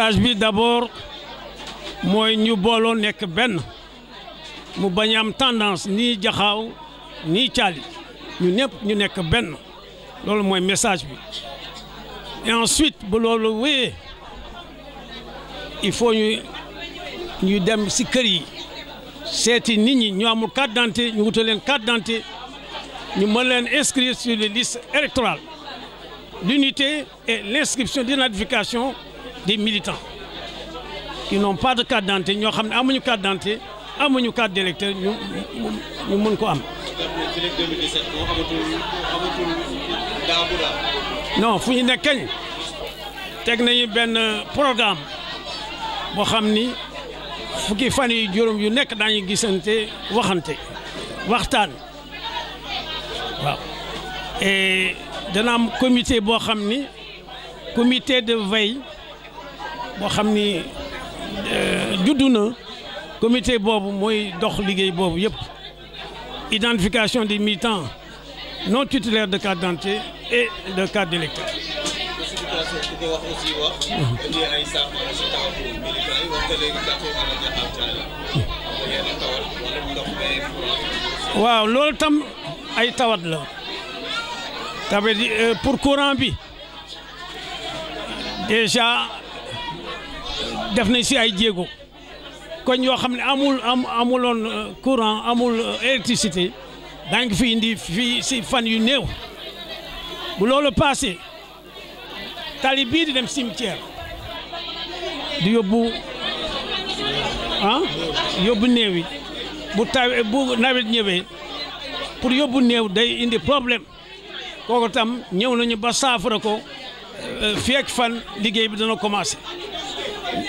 message bi d'abord mooy ñu booloo nekk benn mu bañ am tendance nii jaxaaw nii caali ñu ñëpp ñu nekk benn loolu mooy message bi et ensuite bu loolu wéyee il faut ñu ñu dem si kër yi seeti nit ñi ñu amul carte d'identité ñu wuta leen carte d'identité ñu mën leen inscrire sur les listes électorales l'unité et l'inscription des notifications di militants qui pas de carte ñoo xam ne amuñu carte d'identité amuñu carte d'électeur ñu ñu ko am. non fu ñu nekk teg nañu benn programme boo xam ni fukki fan juróom yu nekk daañu gisante waxante waxtaan waaw et dana am comité boo xam ni comité de veille. boo xam ni euh, juddu na comité boobu mooy dox liggéey boobu yëpp identification des militants non titulaires de carte d'identité et de carte d'électeur waaw loolu tam ay tawat la tawat euh, pour courant bi déjà def nañ si ay jéego koñ yoo xam ne amul am amuloon euh, courant amul euh, électricité daa fi indi fii si fan yu néew bu loolu passé tali bii di dem cimetière di yóbbu ah yóbbu néew yi bu tawe bu nawet ñëwee pour yóbbu néew day indi problème kooku tam ñëw nañu ba saafara ko euh, fii ak fan liggéey bi dana commencé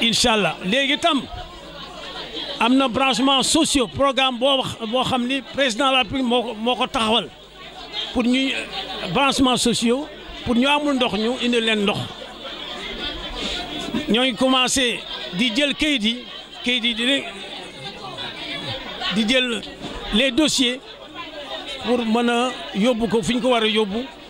incha allah léegi tam am na branchement sociaux programme boo wax xam ni président de la République moo ko moo ko taxawal pour ñu branchement sociaux pour ñu amul ndox ñu indi leen ndox ñoo ngi commencé di jël kayit yi kayit yi di jël les dossiers pour mën a yóbbu ko fi ñu ko war a yóbbu.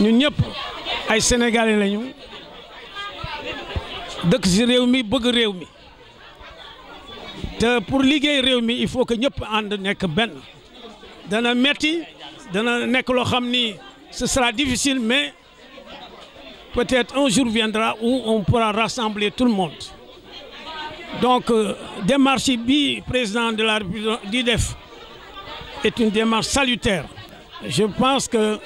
ñun ñëpp ay sénégalais lañu dëkk si réew mi bëgg réew mi te pour liggéey réew mi il faut que ñëpp ànd nekk benn dana metti dana nekk loo xam ni ce sera difficile mais peut-être un jour viendra où on pourra rassembler tout le monde donc euh, démarche bi président de la République di def est une démarche salutaire je pense que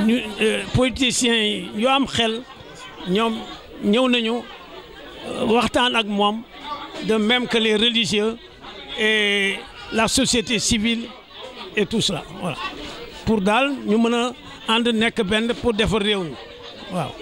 ñu euh, politiciens yi yu am xel ñoom ñëw nañu euh, waxtaan ak moom de même que les religieux et la société civile et tout cela voilà pour daal ñu mën a ànd nekk benn pour defar réew mi waaw.